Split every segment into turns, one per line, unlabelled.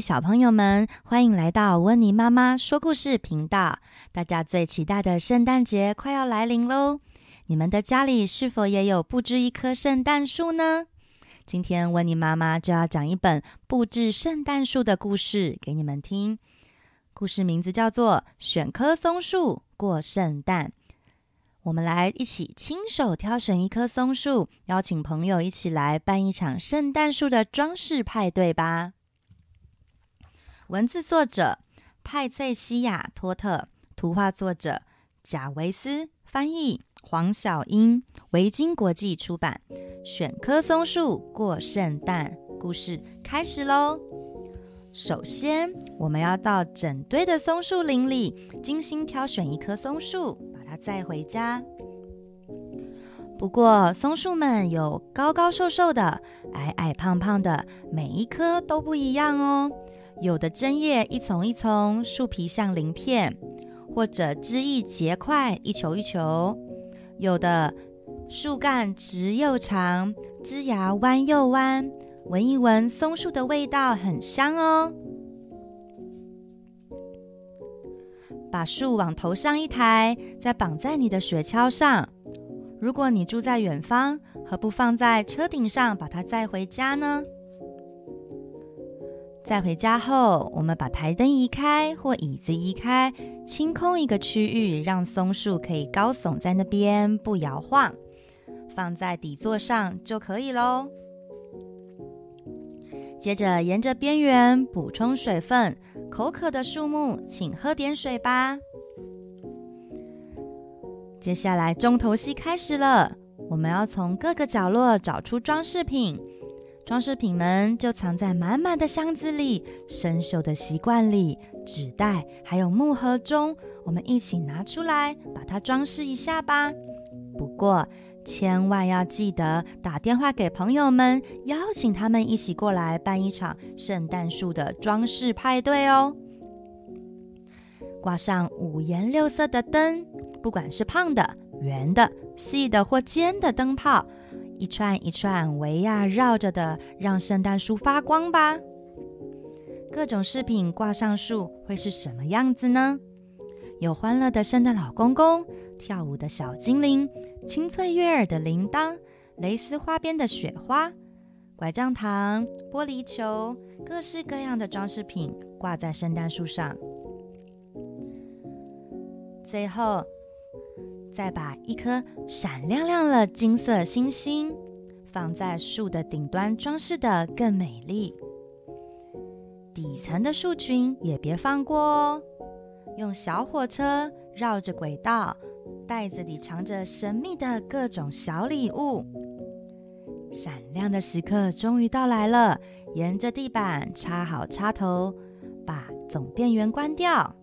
小朋友們，歡迎來到溫妮媽媽說故事頻道。大家最期待的聖誕節快要來臨嘍！你們的家裡是否也有布置一棵聖誕樹呢？今天溫妮媽媽就要講一本布置聖誕樹的故事給你們聽。故事名字叫做《選棵松樹過聖誕》。我們來一起親手挑選一棵松樹，邀請朋友一起來辦一場聖誕樹的裝飾派對吧！文字作者派翠西亞·托特，圖畫作者賈維斯，翻譯黃筱茵，維京國際出版。選棵松樹過聖誕，故事開始嘍！首先，我們要到整堆的松樹林裡，精心挑選一棵松樹，把它帶回家。不過，松樹們有高高瘦瘦的，矮矮胖胖的，每一棵都不一樣哦。有的針葉一叢一叢，樹皮像鱗片，或者枝葉結塊一球一球。有的樹幹直又長，枝芽彎又彎。聞一聞松樹的味道，很香哦。把樹往頭上一抬，再綁在你的雪橇上。如果你住在遠方，何不放在車頂上，把它載回家呢？再回家後，我們把台燈移開或椅子移開，清空一個區域，讓松樹可以高聳在那邊不搖晃，放在底座上就可以嘍。接着沿着邊緣補充水分，口渴的樹木，請喝點水吧。接下來重頭戲開始了，我們要從各個角落找出裝飾品。裝飾品們就藏在滿滿的箱子裡、生鏽的錫罐裡、紙袋，還有木盒中。我們一起拿出來，把它裝飾一下吧。不過，千萬要記得打電話給朋友們，邀請他們一起過來辦一場聖誕樹的裝飾派對哦。掛上五顏六色的燈，不管是胖的、圓的、細的或尖的燈泡。一串一串圍呀繞着的，讓聖誕樹發光吧！各種飾品掛上樹會是什麼樣子呢？有歡樂的聖誕老公公，跳舞的小精靈，清脆悅耳的鈴鐺，蕾絲花邊的雪花，拐杖糖，玻璃球，各式各樣的裝飾品掛在聖誕樹上。最後，再把一顆閃亮亮的金色星星放在樹的頂端，裝飾得更美麗。底層的樹群也別放過哦，用小火車繞着軌道，袋子裡藏着神秘的各種小禮物。閃亮的時刻終於到來了，沿着地板插好插頭，把總電源關掉。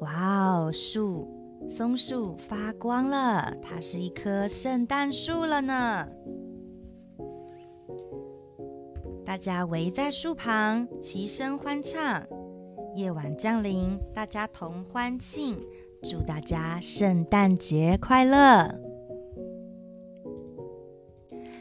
哇哦！樹，松樹發光了，它是一棵聖誕樹了呢。大家圍在樹旁，齊聲歡唱。夜晚降臨，大家同歡慶，祝大家聖誕節快樂。